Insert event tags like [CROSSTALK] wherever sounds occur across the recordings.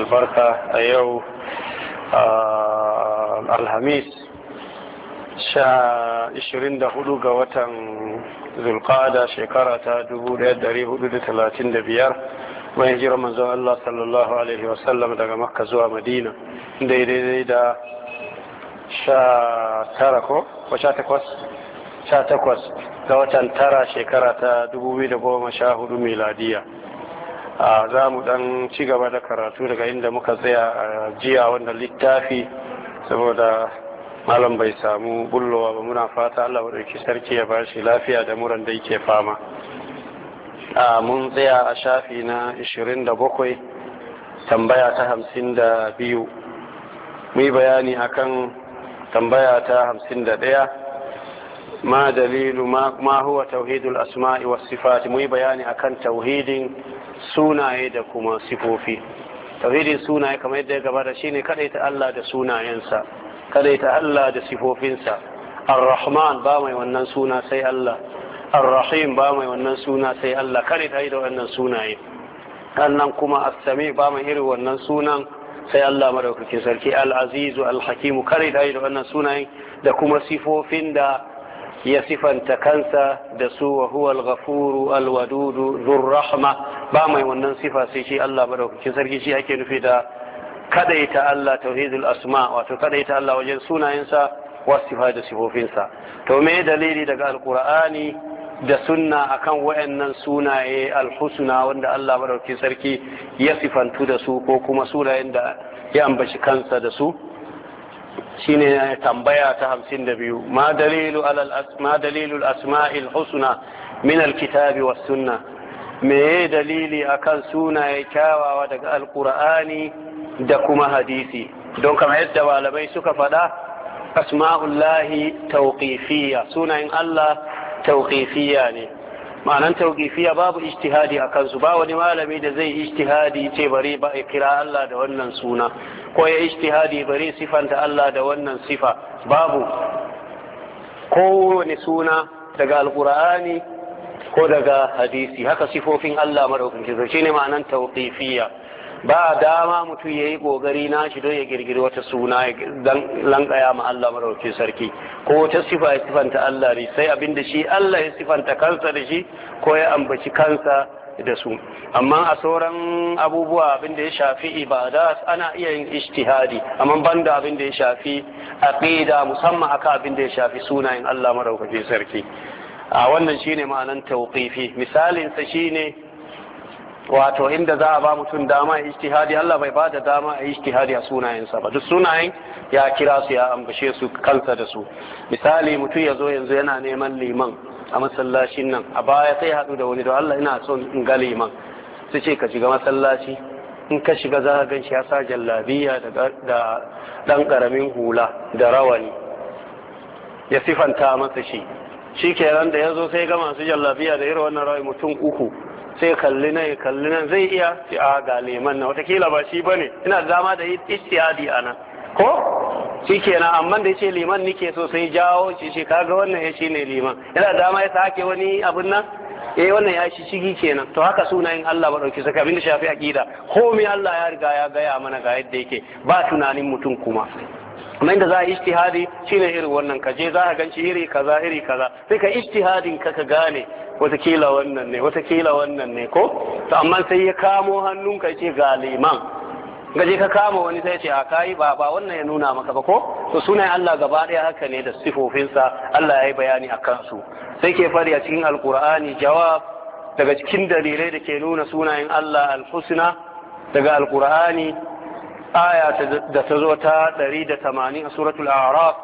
albarka a yau alhamis sha ishirin da hudu ga watan zulqada shekara ta dubu daya dari hudu da talatin da biyar bayan jiran manzon Allah sallallahu alaihi wasallam daga makka zuwa madina daidai da sha ko ko takwas ga watan tara shekara ta dubu biyu da goma sha hudu miladiya za mu dan ci gaba da karatu daga inda muka tsaya a jiya wanda littafi saboda malam bai samu bullowa ba muna fata Allah wa ɗauki sarki ya bashi lafiya da muran da yake fama a mun tsaya a shafi na 27 tambaya ta 52 mu yi bayani akan tambaya ta 51 ما دليل ما, ما هو توحيد الأسماء والصفات مي بياني أكن توحيد سونا يدكما صفوفي توحيد سونا كما يدى قبار شيني كديت ألا دا سونا ينسى كديت ألا دا صفوفينسى الرحمن بامي ونن سونا سي الله الرحيم بامي ونن سونا سي الله كديت أيضا ونن سونا أنن كما السميع بامي إرو ونن سونا sai Allah madaukakin sarki al-azizu al-hakimu kare da da wannan sunayen da kuma sifofin da ya sifanta kansa da su wa huwa al-ghafuru al-wadudu dhur rahma ba mai wannan sifa sai shi Allah madaukakin sarki shi ake nufi da kadaita Allah tauhidul asma wato kadaita Allah wajen sunayensa wasifa da sifofinsa to me dalili daga al al-qur'ani da sunna akan wayannan sunaye alhusna wanda Allah madaukakin sarki ya sifantu da su ko kuma sunayen da ya ambaci kansa da su shine tambaya ta hamsin da biyu ma dalilu asma'il husna min alkitabi was sunna me dalili akan sunaye kyawawa daga alkur'ani da kuma hadisi don kama yadda malamai suka faɗa asma'ullahi tauqifiyya sunayen Allah tauqifiyya ne ma'anan tauqifiya babu ijtihadi a kansu ba wani malami da zai ijtihadi ce bari ba ya kira Allah da wannan suna ko ya ijtihadi bari sifanta Allah da wannan sifa babu kowane suna daga alqur'ani ko daga hadisi haka sifofin Allah madaukakin sarki ne ma'anan tauqifiya ba dama mutum ya yi ƙoƙari na shi don ya girgiri wata suna don lankaya ma Allah maraukin sarki ko wata sifa ya sifanta Allah ne sai abin da shi Allah ya sifanta kansa da shi ko ya ambaci kansa da su amma a sauran abubuwa abin da ya shafi ibada ana iya yin ishtihadi amma ban da abin da ya shafi aqida musamman aka abin da ya shafi sunayen Allah maraukakin sarki a wannan shine ma'anan tawqifi misalin sa shine wato inda za a ba mutum dama a ijtihadi Allah bai ba da dama a ijtihadi a sunayensa ba duk sunayen ya kira su ya ambashe su kansa da su misali mutum ya zo yanzu yana neman liman a masallacin nan a baya sai haɗu da wani da Allah ina son in ga liman su ce ka shiga masallaci in ka shiga za ka gan shi ya sa jallabiya da ɗan ƙaramin hula da rawani ya sifanta masa shi shi kenan da ya zo sai ga masu jallabiya da irin wannan rawai mutum uku sai kalli nan kalli nan zai iya ci a ga liman na watakila ba shi ba bane ina da dama a a nan ko shikenan amma da ce liman nike so sai jawo shi shi kaga wannan ya ne liman ina zama dama ya sake wani abun nan e wannan ya shi shigi kenan to haka suna yin Allah ba dauki saka abinda shafi aqida komai Allah ya riga ya gaya mana ga yadda yake ba tunanin mutum kuma kuma inda za a shi shine irin wannan kaje za a ganci iri kaza iri kaza sai ka ijtihadin ka ka gane watakila wannan ne watakila wannan ne ko to amma sai ya kamo hannunka ce ga liman gaje ka kama wani sai yace a kai ba ba wannan ya nuna maka ba ko to sunayen Allah gaba ɗaya haka ne da sifofinsa Allah ya yi bayani a kansu sai ke fari a cikin alkur'ani jawab daga cikin dalilai da ke nuna sunayen Allah Al-Husna daga alkur'ani aya da ta zo ta 180 a suratul a'raf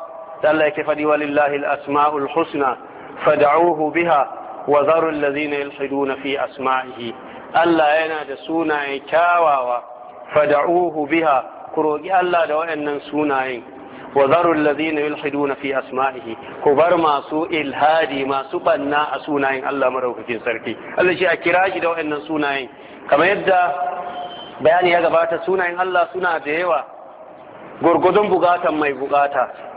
da Allah yake fadi walillahi al-asma'ul husna fad'uhu biha wa zarul ladhina yulhiduna fi asma'ihi Allah yana da sunaye kyawawa fad'uhu biha ku roki Allah da waɗannan sunayen wa zarul ladhina yulhiduna fi asma'ihi ku bar masu ilhadi masu banna a sunayen Allah maraukakin sarki Allah shi a kira shi da waɗannan sunayen kamar yadda bayani ya gabata sunayen Allah suna da yawa gurgudun bukatan mai bukata.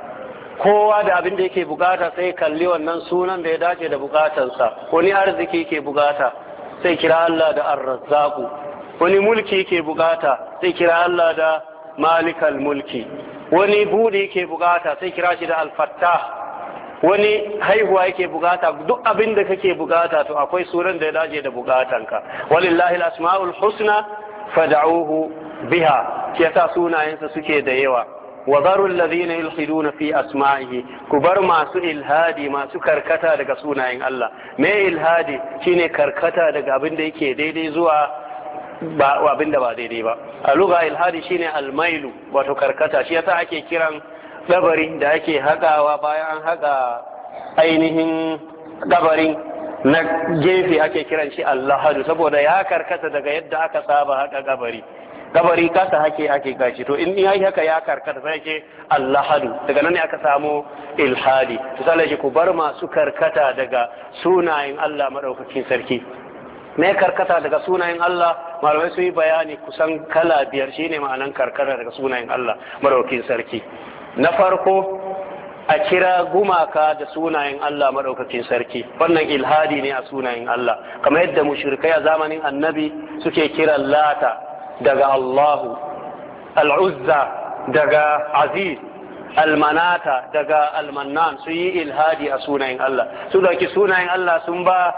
kowa da abin da yake bukata sai kalli wannan sunan da ya dace da bukatansa wani arziki ke bukata sai kira Allah da arrazzaku wani mulki ke bukata sai kira Allah da malikal mulki wani buɗe ke bukata sai kira shi da alfatta wani haihuwa yake bukata duk abin da kake bukata to akwai sunan da ya dace da bukatanka walillahi al-asma'ul husna fad'uhu biha yasa sunayensa suke da yawa wa zarul ladhina yulhiduna fi asma'ihi ku bar masu ilhadi masu karkata daga sunayen Allah me ilhadi shine karkata daga abin da yake daidai zuwa ba abin da ba daidai ba a lugha ilhadi shine almailu wato karkata shi yasa ake kiran dabari da ake hakawa bayan an ainihin dabarin na gefe ake kiran shi allahadu saboda ya karkata daga yadda aka saba haka kabari kabari kasa hake ake gashi to in yayi haka ya karkata sai ce allahadu daga nan ne aka samu ilhadi to sai ce ku bar masu karkata daga sunayen Allah madaukakin sarki me karkata daga sunayen Allah malamai su yi bayani kusan kala biyar shine ma'anan karkara daga sunayen Allah madaukakin sarki na farko a kira gumaka da sunayen Allah madaukakin sarki wannan ilhadi ne a sunayen Allah kamar yadda mushrikai a zamanin annabi suke kiran lata daga Allahu al'uzza daga aziz almanata daga almannan sun yi ilhadi a sunayen Allah su dauki sunayen Allah sun ba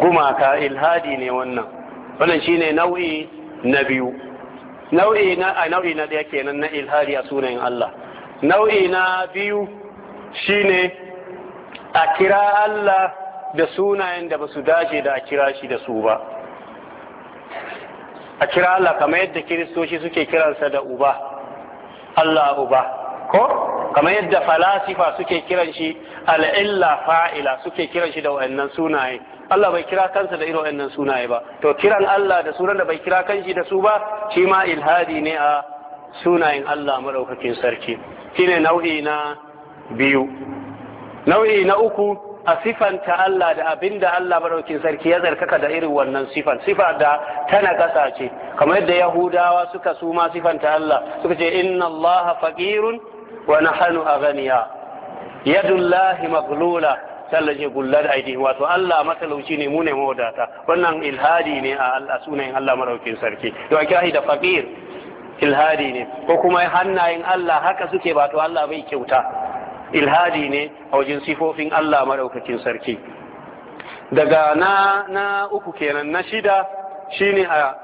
gumaka ilhadi ne wannan wannan shine nau'i na biyu nau'i na a nau'i na daya kenan na ilhadi a sunayen Allah nau'i na biyu shine a kira Allah da sunayen da ba su dace da a kira shi da su ba a kira Allah kamar yadda kiristoci suke kiransa da uba Allah uba ko kamar yadda falasifa suke kiran shi al'illa fa'ila suke kiran shi da wa'annan sunaye Allah bai kira kansa da irin wa'annan sunaye ba to kiran Allah da sunan da bai kira kanshi da su ba shi ma ilhadi ne a sunayen Allah madaukakin sarki shine nau'i na biyu nau'i na uku a sifanta Allah da abinda Allah maɗaukin sarki ya zarkaka da irin wannan sifan sifa da tana ƙasa ce kamar yadda yahudawa suka suma sifanta Allah suka ce inna Allah faqirun wa nahnu aghniya yadullahi maghlula tallace gullar aidi wato Allah matalauci ne mu ne mawadata wannan ilhadi ne a Allah sunayen Allah maraukin sarki don kirahi da faqir ilhadi ne ko kuma hannayen Allah haka suke ba to Allah bai kyauta ilhadi ne a wajen sifofin Allah maɗaukakin sarki daga na na uku kenan na shida shine a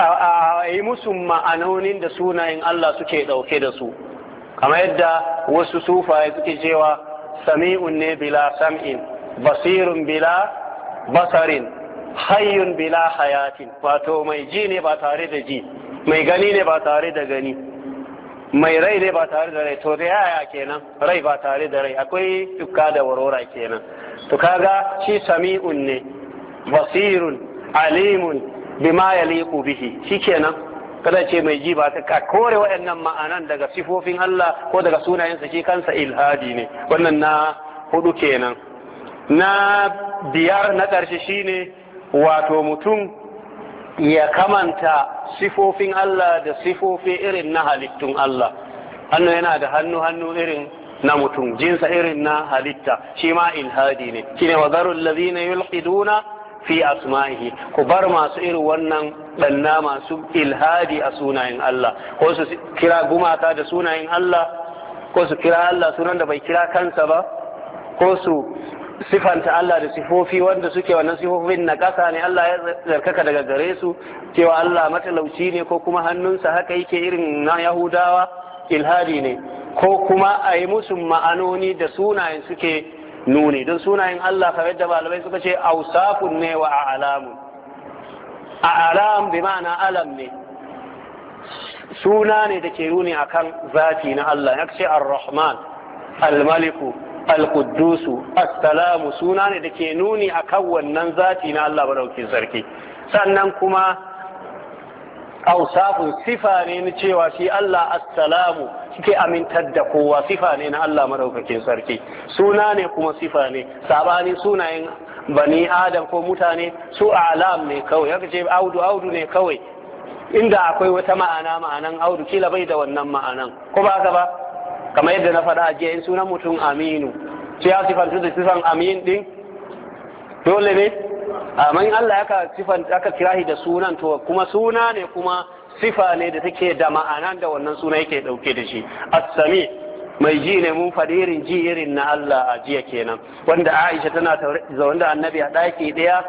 a yi musu ma'anonin da sunayen Allah suke ɗauke da su kamar yadda wasu sufaye suke cewa sami'un ne bila sam'in basirun bila basarin hayyun bila hayatin wato mai ji ne ba tare da ji mai gani ne ba tare da gani mai rai ne ba tare da rai to dai yaya kenan rai ba tare da rai akwai tukka da warora kenan to kaga shi sami'un ne basirun alimun bima yaliqu bihi shikenan kada ce mai ji ba ka kore waɗannan ma'anan daga sifofin Allah ko daga sunayensa shi kansa ilhadi ne wannan na hudu kenan na biyar na ƙarshe shine wato mutum ya kamanta sifofin Allah da sifofi irin na halittun Allah hannu yana da hannu hannu irin na mutum jinsa irin na halitta shi ma ilhadi ne shine wa zarul ladina yulqiduna fi asma'ihi ku bar masu irin wannan danna masu ilhadi a sunayen Allah ko su kira gumaka da sunayen Allah ko su kira Allah sunan da bai kira kansa ba ko su sifanta Allah da sifofi wanda suke wannan sifofin na ƙasa ne Allah ya zarkaka daga gare su cewa Allah matalauci ne ko kuma hannunsa haka yake irin na Yahudawa ilhadi ne ko kuma a yi musu ma'anoni da sunayen suke nuni don sunayen Allah kamar da malamai suka ce ausafun ne wa a alam bi ma'ana alam ne suna ne da ke nuni akan zafi na Allah ya ce ar-rahman al-maliku alƙuddusu assalamu suna ne da ke nuni a kan wannan zati na Allah maɗaukin sarki sannan kuma ausafun sifa ne na cewa shi Allah assalamu suke amintar da kowa sifa ne na Allah maɗaukakin sarki suna ne kuma sifa ne sabanin sunayen bani adam ko mutane su alam ne kawai haka ce audu audu ne kawai inda akwai wata ma'ana ma'anan audu kila bai da wannan ma'anan ko ba ka ba kamar yadda na faɗa jiya in sunan mutum aminu sai ya sifantu da sifan amin din dole ne Amin Allah aka sifan aka kirahi da sunan to kuma suna ne kuma sifa ne da take da ma'ana da wannan suna yake dauke da shi as-sami mai ji ne mun fadirin ji irin na Allah a jiya kenan wanda Aisha tana zaune da Annabi a daki ɗaya.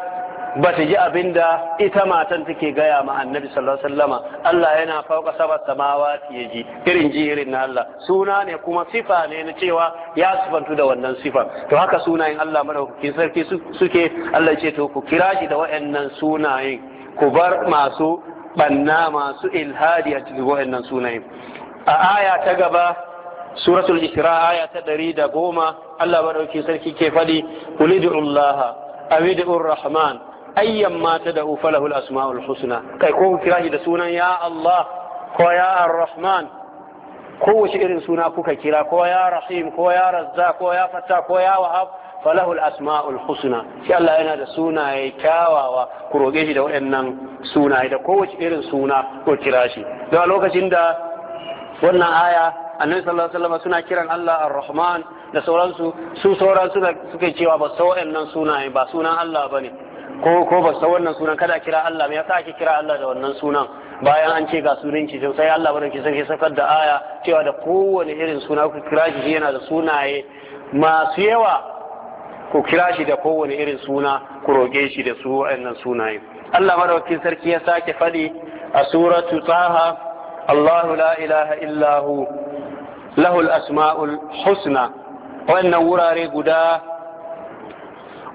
ba ta ji abin da ita matan take gaya ma annabi sallallahu alaihi wasallama Allah yana fauka saba samawa ya ji irin ji na Allah suna ne kuma sifa ne na cewa ya sifantu da wannan sifa to haka sunayen Allah madaukakin sarki suke Allah ce to ku kira shi da waɗannan sunayen ku bar masu banna masu ilhadi a cikin waɗannan sunayen a aya ta gaba suratul isra aya ta ɗari da goma Allah madaukakin sarki ke faɗi qul ud'u Allah rahman ayyan ma ta da'u falahul asma'ul husna kai ko kira shi da sunan ya Allah ko ya ar-rahman kowace irin suna kuka kira ko ya rahim ko ya razza ko ya fatta ko ya wahab falahul asma'ul husna shi Allah yana da sunaye kyawawa ku roƙe shi da waɗannan sunaye da kowace irin suna ko kira shi da lokacin da wannan aya annabi sallallahu alaihi wasallam suna kiran Allah ar-rahman da sauransu su sauran suna suke cewa ba sau'an waɗannan sunaye ba sunan Allah bane ko ko ba san wannan sunan kada kira Allah me yasa ake kira Allah da wannan sunan bayan an ce ga sunan ki sai Allah barin ki sai sakar da aya cewa da kowane irin suna ku kira shi yana da sunaye masu yawa ku kira shi da kowane irin suna ku roƙe shi da su wa'annan sunaye Allah madawaki sarki ya sake fadi a suratu taha Allahu la ilaha illa hu lahul asma'ul husna wannan wurare guda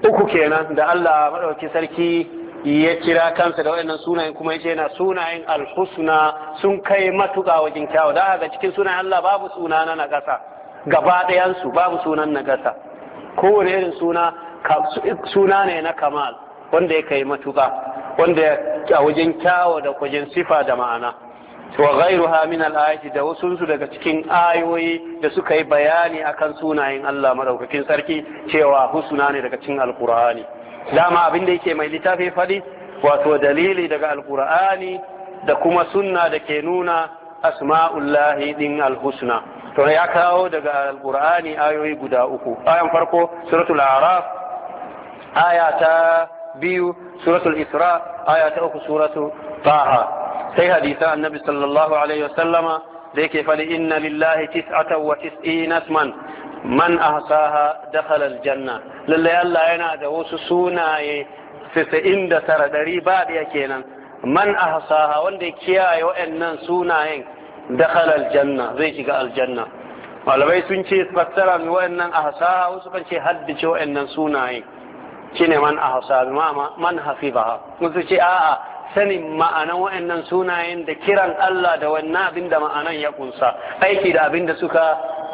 uku kenan da Allah maɗauki sarki ya kira kansa da wayannan sunayen kuma yace yana sunayen alhusna sun kai matuƙa wajen kyawu da haka cikin sunayen Allah babu suna na nagasa gaba ɗayansu babu sunan nagasa kowane irin suna suna ne na kamal wanda ya kai matuƙa wanda a wajen kyawu da kujin sifa da ma'ana wa ghairuha min al-ayati da wasu daga cikin ayoyi da suka yi bayani akan sunayen Allah madaukakin sarki cewa husna ne daga cikin alqur'ani dama abin da yake mai littafi fadi wato dalili daga alqur'ani da kuma sunna da ke nuna asma'ullahi din alhusna to ya kawo daga alqur'ani ayoyi guda uku ayan farko suratul a'raf ayata biyu suratul isra ayata uku suratul taha sai hadisa annabi sallallahu alaihi wasallama da yake fali inna lillahi tis'ata wa tis'ina man man ahsaha dakhala aljanna lalle Allah yana da wasu sunaye 99 dari ba da kenan man ahsaha wanda ya kiyaye waɗannan sunayen dakhala aljanna zai shiga aljanna malamai sun ce fassara mi waɗannan ahsaha wasu kan ce haddace waɗannan sunaye shine man ahsaha ma man hafiba wasu ce a'a sanin ma'anan wa'annan sunayen da kiran Allah da wannan abin da ma'anan ya kunsa aiki da abin da suka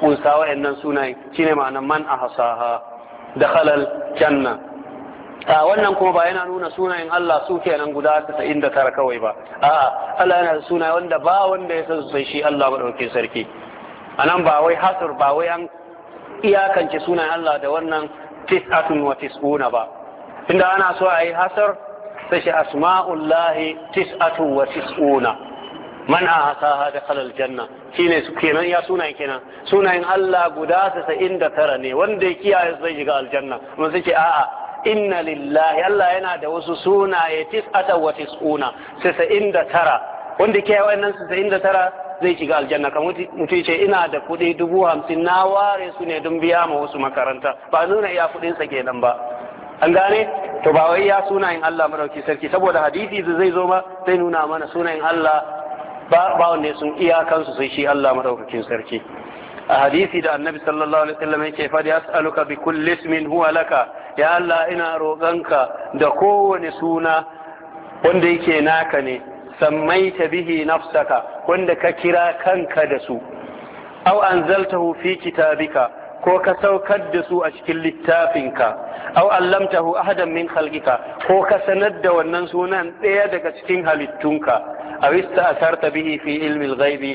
kunsa wa'annan sunayen shine ma'anan man a da halal janna a wannan kuma ba yana nuna sunayen Allah su kenan guda da tara kawai ba a Allah yana da sunaye wanda ba wanda ya san sai shi Allah madaukakin sarki a nan ba wai hasur ba wai an iyakance sunayen Allah da wannan tis'atun wa tis'una ba inda ana so a yi hasar sai shi lahi tis'atun wa tis'una man ahsaha dakhala janna shine su kenan ya sunayen kenan sunayen Allah guda 99 ne wanda ya kiyaye zai shiga aljanna kuma sai ce a'a inna lillahi Allah yana da wasu sunaye tis'ata wa tis'una 99 wanda kiyaye wayannan 99 zai shiga aljanna kamar mutum ce ina da kuɗi dubu hamsin na ware su ne don biya ma wasu makaranta ba nuna iya kuɗinsa kenan ba an gane to ba wai ya sunayen Allah madauki sarki saboda hadisi da zai zo ma zai nuna mana sunayen Allah ba ba wanda sun kansu sai shi Allah madaukakin sarki a hadisi da annabi sallallahu alaihi wasallam yake da as'aluka bi kulli ismin huwa laka ya Allah ina roƙanka da kowane suna wanda yake naka ne sammaita bihi nafsaka wanda ka kira kanka da su aw anzaltahu fi kitabika ko ka saukar da su a cikin littafinka au allamtahu ahadan min khalqika ko ka sanar da wannan sunan ɗaya daga cikin halittunka aw ista'sarta bihi fi ilmi al-ghaibi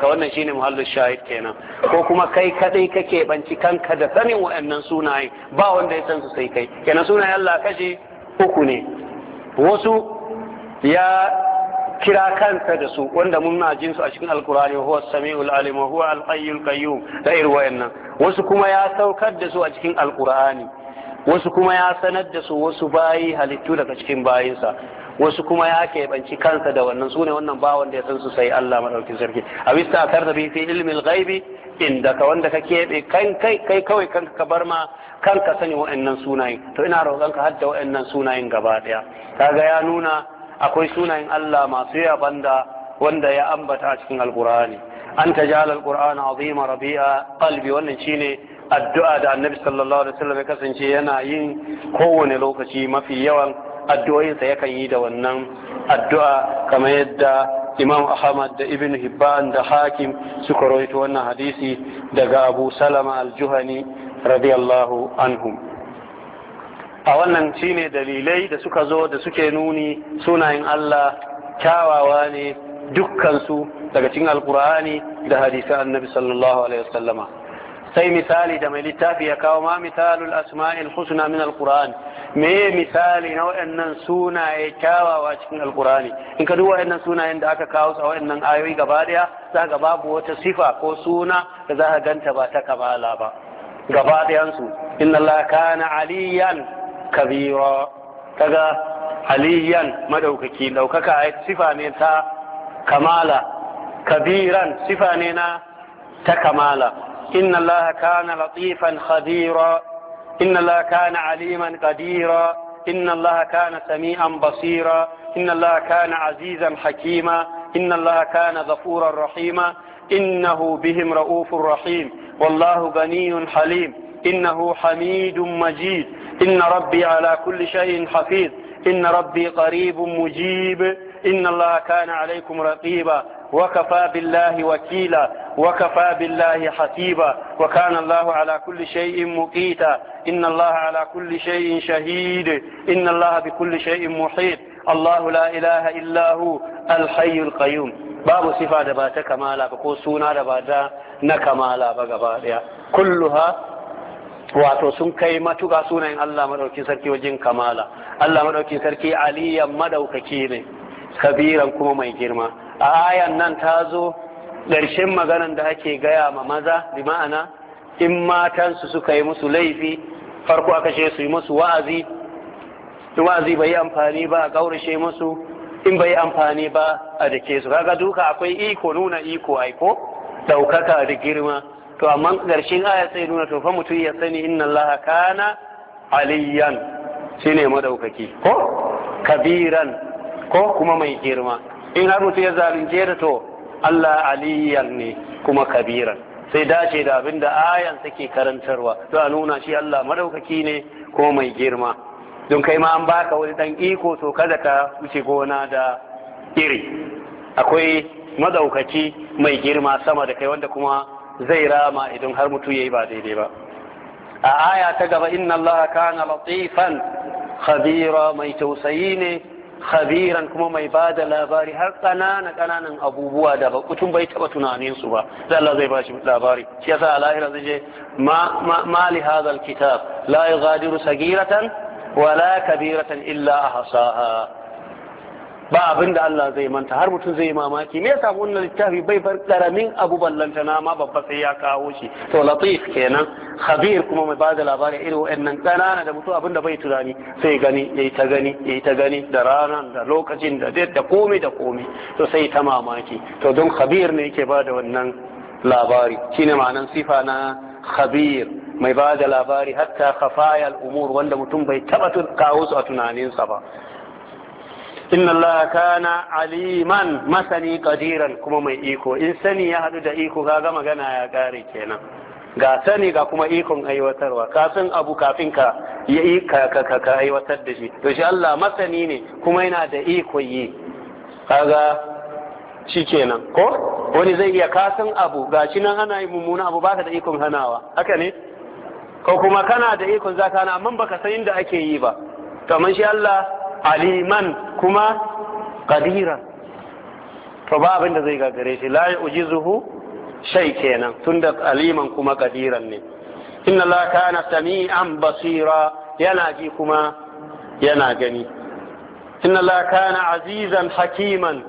ka wannan shine muhallin shahid kenan ko kuma kai kadai kake banci kanka da sanin wa'annan sunaye ba wanda ya san su sai kai kenan sunayen Allah kashi uku ne wasu ya kira kansa da su wanda muna jin su a cikin alkurani huwa samiul alim wa huwa alqayyul qayyum da irin wayannan wasu kuma ya saukar da su a cikin alkurani wasu kuma ya sanar da su wasu bayi halittu daga cikin bayinsa wasu kuma ya keɓanci kansa da wannan su ne wannan ba da ya san su sai Allah madaukin sarki a bisa kar da fi ilmin ghaibi inda ka wanda ka keɓe kai kai kawai kanka ka bar ma kanka sani wa'annan sunayen to ina roƙonka hadda wa'annan sunayen gaba ɗaya kaga ya nuna akwai sunayen Allah masu yaban da wanda ya ambata a cikin alkur'ani an jala alkur'ani azima rabi'a kalbi wannan shine addu'a da annabi sallallahu alaihi wasallam ya kasance yana yin kowane lokaci mafi yawan addu'o'insa yakan yi da wannan addu'a kamar yadda imam ahmad da ibn hibban da hakim suka rawaito wannan hadisi daga abu salama al-juhani radiyallahu anhum a wannan shine dalilai da suka zo da suke nuni sunayen Allah kyawawa ne dukkansu daga cikin alkur'ani da hadisan annabi sallallahu alaihi wasallama sai misali da mai littafi ya kawo ma misalul asma'il husna min alkur'ani me misali na nan sunaye kyawawa cikin alkur'ani in ka duba waɗannan sunayen da aka kawo su a nan ayoyi gaba daya za ga babu wata sifa ko suna da za ka ganta ba ta kamala ba gaba dayansu inna allaha kana aliyan كبيرا كذا عليا مدوك كي لو كك صفانين تا كمالا كبيرا صفانين تا كمالا إن الله كان لطيفا خبيرا إن الله كان عليما قديرا إن الله كان سميعا بصيرا إن الله كان عزيزا حكيما إن الله كان غفورا رحيما إنه بهم رؤوف رحيم والله غني حليم إنه حميد مجيد إن ربي على كل شيء حفيظ إن ربي قريب مجيب إن الله كان عليكم رقيبا وكفى بالله وكيلا وكفى بالله حسيبا وكان الله على كل شيء مقيتا إن الله على كل شيء شهيد إن الله بكل شيء محيط الله لا إله إلا هو الحي القيوم باب sifa da مالا بقول سونا ba نكمالا suna كلها wato sun kai matuka sunayen Allah madaukin sarki wajen kamala Allah madaukin sarki aliyan madaukaki ne kabiran kuma mai girma a ayan nan ta zo ƙarshen maganan da ake gaya ma maza bi ma'ana in matansu suka yi musu laifi farko aka ce su yi musu wa'azi wa'azi bai yi amfani ba a kaurace musu in bai yi amfani ba a dake su kaga duka akwai iko nuna iko aiko daukaka da girma to amma ƙarshen aya sai nuna to fa mutum ya sani inna allaha kana aliyan shine madaukaki ko kabiran ko kuma mai girma in har mutum ya zalunce da to Allah aliyan ne kuma kabiran sai dace da abin da ayan take karantarwa to a nuna shi Allah madaukaki ne ko mai girma don kai ma an baka wani dan iko to kada ka wuce gona da iri akwai madaukaki mai girma sama da kai wanda kuma zai rama idan har mutu yi ba daidai ba a aya ta gaba inna allaha kana latifan khabira mai tausayi ne khabiran kuma mai ba da labari har tsanana ƙananan abubuwa da mutum bai taɓa tunanin su ba da Allah zai bashi labari shi yasa a lahira zai je ma li hadha alkitab la yughadiru sagiratan wala kabiratan illa ahsaha ba abin da Allah zai manta har mutum zai mamaki me yasa wannan littafi bai bar karamin abu ballanta na ma babba sai ya kawo shi to latif kenan khabir kuma mai bada labari irin wayannan kanana da mutum abin da bai tunani sai gani yayi ta gani yayi ta gani da ranan da lokacin da da komai da komai to sai ta mamaki to don khabir ne yake bada wannan labari shine ma'anan sifa na khabir mai bada labari hatta khafaya al-umur wanda mutum bai taba kawo su a tunaninsa ba inna Allah kana aliman masani qadiran kuma mai iko in sani ya hadu da iko kaga magana ya kare kenan ga sani ga kuma ikon aiwatarwa ka san abu kafin ka ya ka aiwatar da shi to shi Allah masani ne kuma yana da iko yi kaga shi kenan, ko wani zai iya kasan abu ga shi nan ana yi mummuna abu baka da ikon hanawa haka ne ko kuma kana da ikon zaka na amma baka san inda ake yi ba kamar shi Allah aliman kuma kadira to ba abin da zai gagare shi la yujizuhu shay kenan tunda aliman kuma kadiran ne inna la kana sami'an basira yana ji kuma yana gani inna la kana azizan hakiman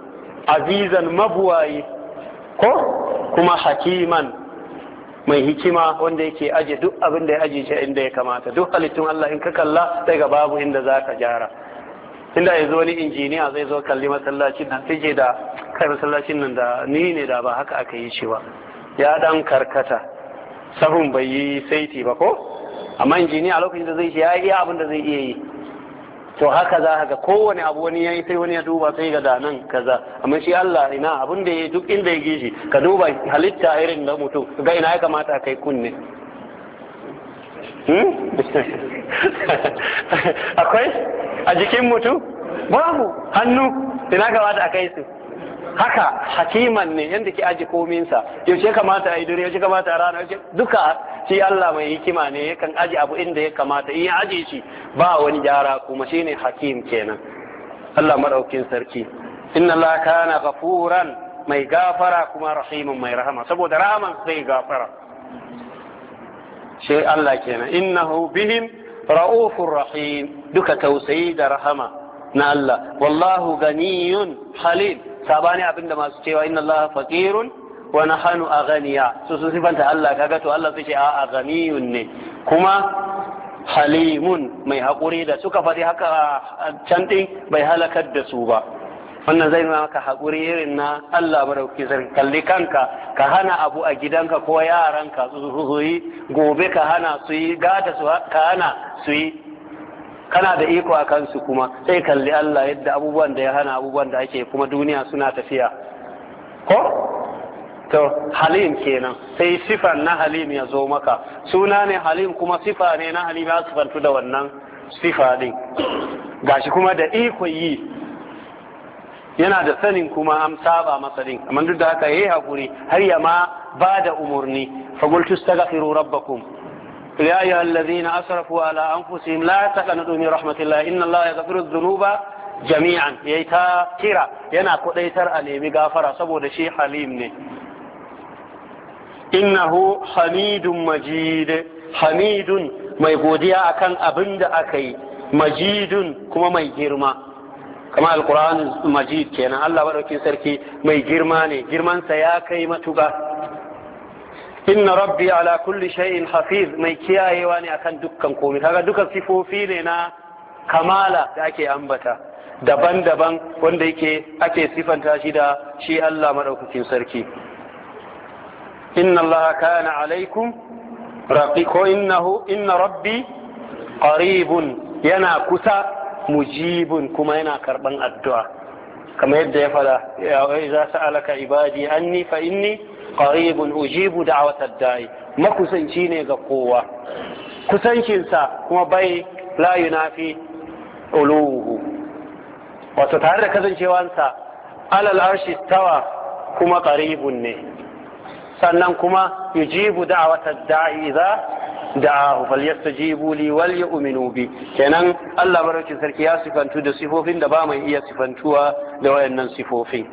azizan mabuwayi ko kuma hakiman mai hikima wanda yake aje duk abin da ya aje shi inda ya kamata duk halittun Allah in ka kalla ga babu inda za ka gyara inda yanzu wani injiniya zai zo kalli masallacin nan sai da kai masallacin nan da ni ne da ba haka aka yi shi ba ya dan karkata sahun bai yi saiti ba ko amma injiniya lokacin da zai shi ya iya abin da zai iya yi to haka za ga kowane abu wani ya yi sai wani ya duba sai ga da nan kaza amma shi Allah ina abin da ya duk inda ya gishi ka duba halitta irin da mutum ga ina ya kamata kai kunne Hmm? [LAUGHS] akwai a jikin mutum babu hannu ina gaba a kai su haka hakiman ne yadda ke aji kominsa yaushe kamata a yi dare yaushe kamata a rana yaushe duka shi Allah mai hikima ne yakan aji abu inda ya kamata in ya aji shi ba wani gyara kuma shi ne hakim kenan Allah maɗaukin sarki inna Allah kana gafuran mai gafara kuma rahimun mai rahama saboda rahaman sai gafara shi Allah kenan innahu bihim ra'ufur rahim duka tausayi da rahama na Allah wallahu ganiyun halil sabani abinda masu cewa inna Allah faqirun wa nahnu aghniya su sifanta Allah kaga to Allah sai ce a aghniyun ne kuma halimun mai hakuri da suka faɗi haka can ɗin bai halakar da su ba wannan zai nuna maka haƙuri irin na Allah barauki sarki kalli kanka ka hana abu a gidanka ko yaranka su yi gobe ka hana su yi gata su ka hana su yi kana da iko a kansu kuma sai kalli Allah yadda abubuwan da ya hana abubuwan da ake kuma duniya suna tafiya ko to halim kenan sai sifan na halim ya zo maka suna ne halim kuma sifa ne na halim ya sifantu da wannan sifa din gashi kuma da iko yi yana da sanin kuma an saba masa din amma duk da haka yayi hakuri har ya ma ba da umurni fa qultu astaghfiru rabbakum ya ayu الذين asrafu ala anfusihim la تقنطوا min rahmatillah inna allaha yaghfiru dhunuba jami'an yayi ta kira yana kudaitar a nemi gafara saboda shi halim ne innahu hamidun majid hamidun mai godiya akan abin da aka yi majidun kuma mai girma kama alkur'an majid kenan Allah maɗaukin sarki mai girma ne girman sa ya kai matuka inna rabbi ala kulli shay'in hafiz mai kiyayewa ne akan dukkan komai kaga dukkan sifofi ne na kamala da ake ambata daban-daban wanda yake ake sifanta shi da shi Allah madaukakin sarki inna Allah kana alaikum raqi ko innahu inna rabbi qaribun yana kusa mujibun kuma yana karban addu'a kamar yadda ya fada ya wai za su alaka ibadi anni fa inni qaribun ujibu da'watad da'i makusanci ne ga kowa kusancinsa kuma bai la yunafi uluhu wato tare da kasancewansa alal arshi tawa kuma qaribun ne sannan kuma yujibu da'watad da'i za? da'ahu falyastajibu li wal yu'minu bi kenan Allah barkin sarki ya sifantu da sifofin da ba mai iya sifantuwa da wayannan sifofin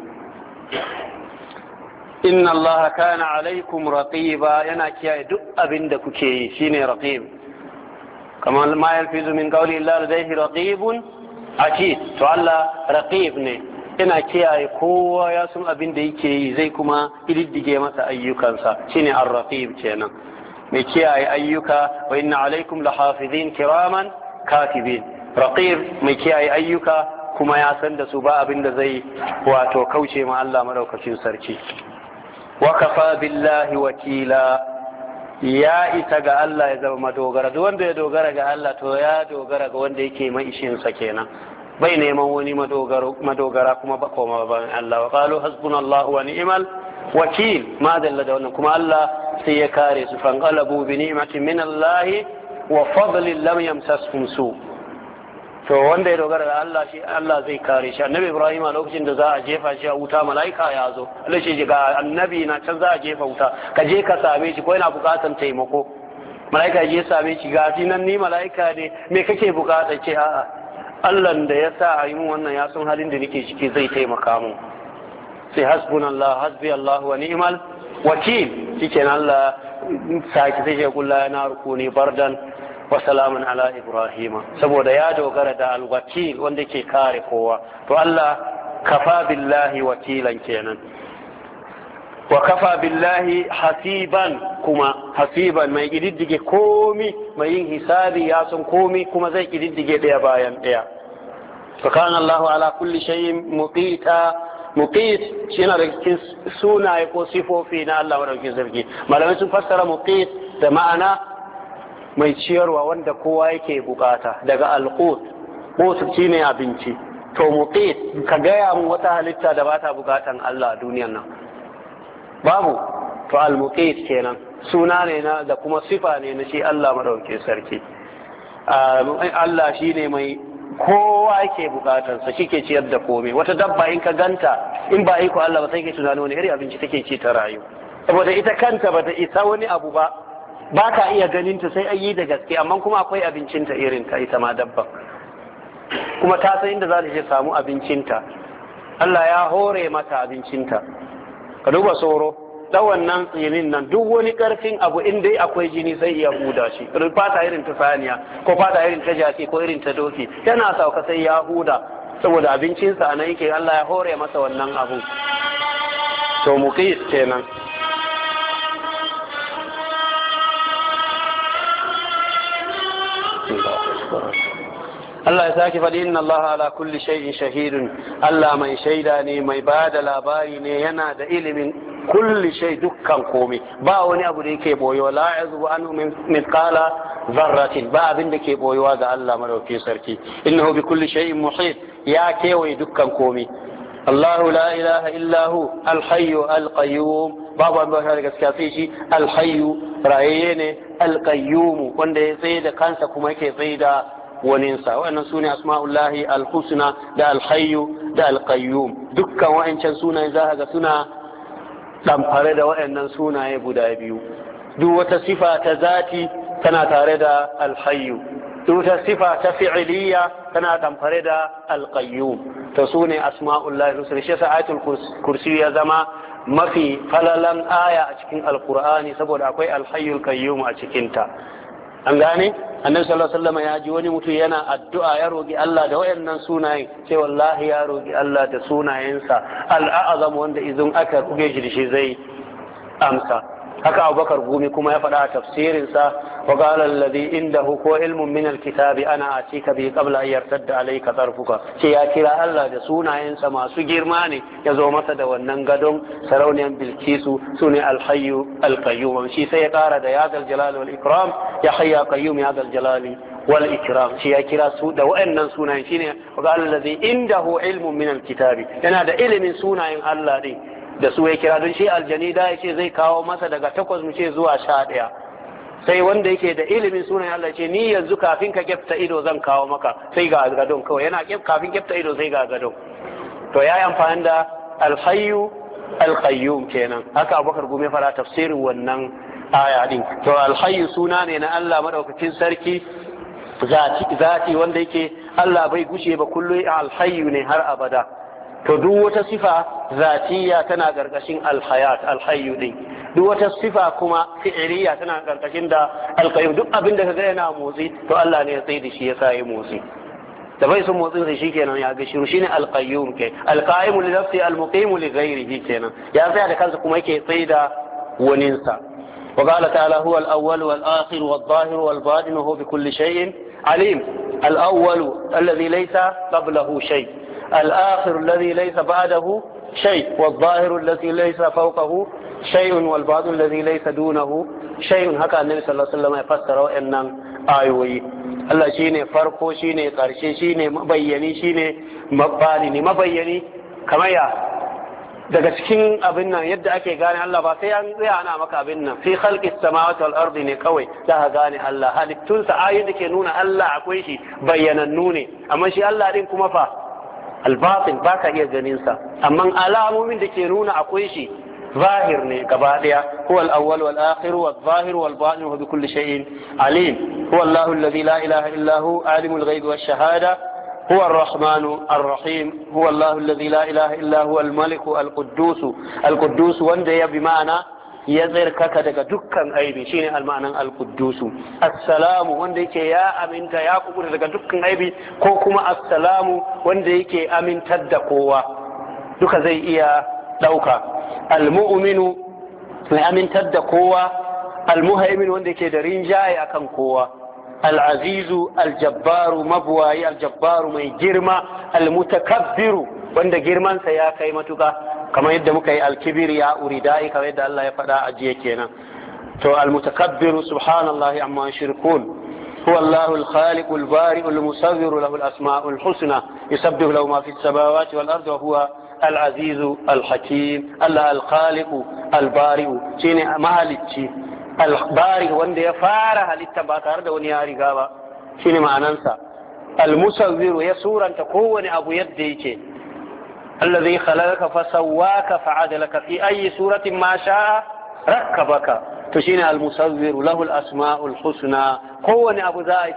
inna Allah kana alaikum raqiba yana kiyaye duk abin da kuke yi shine raqib kamar ma yalfizu min qawli illa ladayhi raqibun atid to Allah raqib ne yana kiyaye kowa ya san abin da yake yi zai kuma ididdige masa ayyukansa shine ar-raqib kenan mai kiyaye ayyuka wa inna alaikum lahafizin kiraman katibin raqib mai kiyaye ayyuka kuma ya san da su ba abin da zai wato kauce ma Allah madaukakin sarki wa kafa billahi wakila ya isa ga Allah ya zama madogara duk wanda ya dogara ga Allah to ya dogara ga wanda yake mai sa kenan bai neman wani madogara kuma ba koma ba Allah wa qalu hasbunallahu wa ni'mal wakil ma dalla da wannan kuma Allah sai ya kare su fanqalabu bi ni'mati min Allah wa fadli lam yamsaskum su to wanda ya dogara da Allah shi Allah zai kare shi annabi Ibrahim a lokacin da za a jefa shi a wuta malaika ya zo Allah shi ga annabi na can za a jefa wuta ka je ka same shi ko yana bukatan taimako malaika je same shi ga nan ni malaika ne me kake bukata ce a'a Allah da ya sa a yi mun wannan ya san halin da nake ciki zai taimaka mu sai hasbun Allah hasbi Allah wa ni'mal wakil shikenan Allah sai la na rukuni bardan wa salamun ala ibrahima saboda ya dogara da alwakil wanda ke kare kowa to Allah kafa billahi wakilan kenan wa kafa billahi hasiban kuma hasiban mai kididdige komi mai yin hisabi ya san komi kuma zai kididdige daya bayan daya فكان الله على كل شيء مقيتا muqis shi yana daga cikin sunaye ko sifofi na Allah madaukakin sarki malamai sun fassara muqis da ma'ana mai ciyarwa wanda kowa yake bukata daga alqut qut shine abinci to muqis ka gaya mun wata halitta da bata bukatan Allah a duniyar nan babu to al kenan suna ne na da kuma sifa ne na shi Allah madaukakin sarki ah, Allah shi ne mai kowa yake bukatar shi ke ciyar da komai wata dabba in ka ganta in ba iko Allah ba sai ke tunani wani iri abinci take ci ta rayu saboda ita kanta bata isa wani abu ba ba ka iya ganin ta sai ayi da gaske amma kuma akwai abincinta irin ta ita ma dabba kuma ta san inda za ta je samu abincin ta Allah ya hore mata abincinta ka duba soro tsawon wannan tsinin nan duk wani karfin abu in dai akwai jini sai iya huda shi fata irin ta saniya ko fata irin ta jaki ko irin ta doki yana sauka sai ya huda saboda abincinsa a nan yake Allah ya hore masa wannan abu to mukis kenan Allah ya sake faɗi inna Allah ala kulli shay'in shahidun Allah mai shaida ne mai ba da labari ne yana da ilimin kulli shay dukkan komai ba wani abu da yake boyo la yazbu anhu min mithqala dharratin ba abin da ke boyuwa ga Allah madaukakin sarki innahu bi kulli shay'in muhit ya kewaye dukkan komai الله لا إله إلا هو الحي القيوم بابا أن بشار كسكاسيشي الحي رأيين القيوم وان دي سيدة كانسا كما كي سيدة waninsa wannan sune asma'ullahi al-husna da al-hayyu da al-qayyum dukkan wa'ancan sunaye za ga suna ɗamfare da wa'annan sunaye guda biyu duk wata sifa ta zati tana tare da alhayyu duk wata sifa ta fi'iliya tana ɗamfare da alkayyum to su ne asma'ullahi husna shi kursi ya zama mafi falalan aya a cikin alqur'ani saboda akwai alhayyul kayyum a cikinta an gane annabi sallallahu alaihi wasallam ya ji wani mutum yana addu'a ya roki Allah da wayannan sunayen sai wallahi ya roki Allah da sunayensa al'azam wanda idan aka kuge shi zai amsa haka abubakar gumi kuma ya faɗa a tafsirinsa wa qala alladhi indahu ko ilmun min alkitabi ana atika bi qabla an alai ka tsarfuka. ce ya kira Allah da sunayensa masu girma ne ya zo masa da wannan gadon sarauniyan bilkisu sune alhayyu alqayyum shi sai ya kara da ya dal jalal wal ikram ya hayya Kayyum ya dal jalal wal ikram shi ya kira su da wa'annan sunayen shine wa qala alladhi indahu ilmun min alkitabi yana da ilimin sunayen Allah din da su ya kira don shi aljani da ya ce zai kawo masa daga takwas mu ce zuwa sha ɗaya sai wanda yake da ilimin sunan Allah ce ni yanzu kafin ka kyafta ido zan kawo maka sai ga gadon kawai yana kafin kyafta ido sai ga gadon to ya yi amfani da alhayu alqayyum kenan haka abubakar gume fara tafsirin wannan aya din to alhayu suna ne na Allah madaukakin sarki zati wanda yake Allah bai gushe ba kullu alhayu ne har abada to duk wata sifa zatiya tana gargashin alhayat alhayyu din duk wata sifa kuma fi'iliya tana gargashin da alqayyum duk abin da kaga yana motsi to Allah ne ya tsaye da shi ya sa ya motsi da bai sun motsin sai shikenan ya ga shiru shine alqayyum ke alqaimu li nafsi almuqimu li ghairihi kenan ya tsaya da kansa kuma yake tsaye da waninsa وقال تعالى هو الأول والآخر والظاهر والباطن وهو بكل شيء عليم الأول الذي ليس قبله شيء الآخر الذي ليس بعده شيء والظاهر الذي ليس فوقه شيء والبعض الذي ليس دونه شيء هكا النبي صلى الله عليه وسلم يفسر وإنن آيوي الله شيني فرقو شيني قرشي شيني مبيني شيني ne مبيني كما يا daga cikin abin nan yadda ake gane Allah ba sai an tsaya ana maka abin nan fi khalqis samawati wal ardi ne kawai za ka gane Allah halittun sa ayoyin da ke nuna Allah akwai shi bayyanannu nune amma shi Allah din kuma fa albatin ba ka iya ganinsa amma alamomin da ke nuna akwai shi zahir ne gaba daya huwa al-awwal wal akhir wal zahir wal batin wa bi kulli shay'in alim huwa Allahu alladhi la ilaha illa hu alimul ghaibi wash shahada هو الرحمن الرحيم هو الله الذي لا إله إلا هو الملك القدوس القدوس وانجي بمعنى ya tsirkaka daga dukkan aibi shine almanan alquddusu assalamu wanda yake ya aminta ya kubuta daga dukkan aibi ko kuma assalamu wanda yake amintar da kowa duka zai iya dauka almu'minu mai amintar da kowa almuhaimin wanda yake da rinjaye akan kowa al'azizu aljabbaru mabuwayi aljabbaru mai girma almutakabbiru wanda girmansa ya kai matuka kamar yadda muka yi alkibir ya uri da'i kamar yadda Allah ya fada a jiya kenan to almutakabbiru subhanallahi amma yashrikun huwa Allahu alkhaliqu albari almusawwiru lahu alasmaul husna yusabbihu lahu ma fis samawati wal ardi wa huwa alazizu alhakim Allah alkhaliqu albari cine mahalicci albari wanda ya fara halitta ba tare da wani ya riga ba cine ma'anansa ya yasuranta kowane abu yadda yake الذي خلقك فسواك فعدلك في أي سورة ما شاء ركبك Ko المصور له الأسماء الحسنى قوة أبو ذا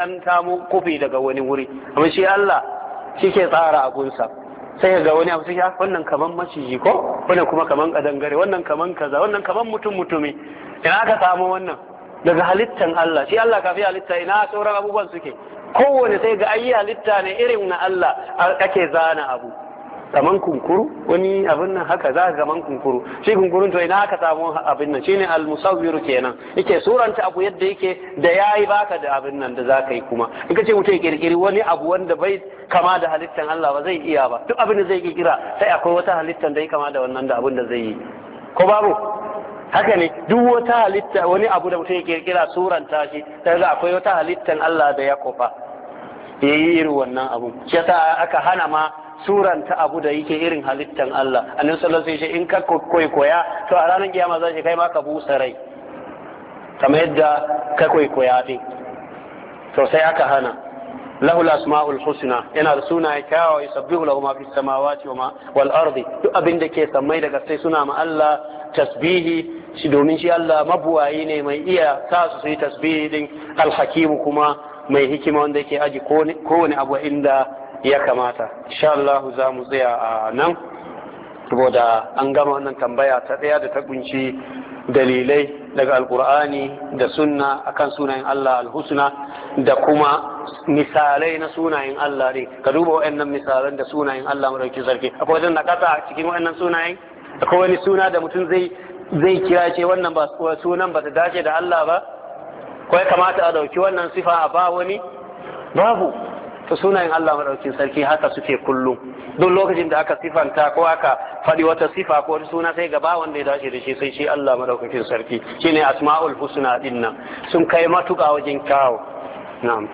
an tamu kufi daga wani wuri. ونوري shi شيء الله شيء tsara abunsa. sai ga wani abu sai wannan kaman maciji ko wannan kuma kaman kadangare wannan kaman kaza wannan kaman mutum mutumi ina aka samu wannan daga halittan Allah shi Allah kafi halitta ina sauran abubuwan suke kowane sai ga ayi halitta ne irin na Allah ake zana abu kaman kunkuru wani abin nan haka za ka kaman kunkuru shi kunkurun to ina ka samu abin nan shine al-musawwiru kenan yake suranta abu yadda yake da yayi baka da abin nan da za ka yi kuma in ka ce mutum ya kirkiri wani abu wanda bai kama da halittan Allah ba zai iya ba duk abin da zai kirkira sai akwai wata halittan da ya kama da wannan da abin da zai yi ko babu haka ne duk wata halitta wani abu da mutum ya kirkira suranta shi sai ga akwai wata halittan Allah da ya kofa yayi irin wannan abu shi yasa aka hana ma suranta abu da yake irin halittan Allah annabi sallallahu alaihi wasallam in ka koya to a ranar kiyama zai kai ma ka busa rai kamar yadda ka koya din to sai aka hana lahu asmaul husna yana da sunaye ya yusabbihu lahu ma fis samawati wa wal ardi duk abin da ke sammai daga sai suna ma Allah tasbihi shi domin shi Allah mabuwayi ne mai iya sa su yi tasbihi din alhakimu kuma mai hikima wanda yake aji kowane abu inda ya kamata insha Allah za mu tsaya a nan saboda an gama wannan tambaya ta ɗaya da ta kunci dalilai daga alkur'ani da sunna akan sunayen Allah alhusna da kuma misalai na sunayen Allah ne ka duba wa'annan misalan da sunayen Allah madauki sarki akwai wajen nakasa a cikin wa'annan sunayen akwai wani suna da mutum zai zai kira ce wannan ba sunan ba ta dace da Allah ba ko ya kamata a dauki wannan sifa a ba wani babu to sunayen Allah madaukin sarki haka suke kullum duk lokacin da aka sifanta ko aka faɗi wata sifa ko wata suna sai gaba wanda ya dace da shi sai shi Allah madaukakin sarki shine asma'ul husna din nan sun kai matuƙa wajen kawo na'am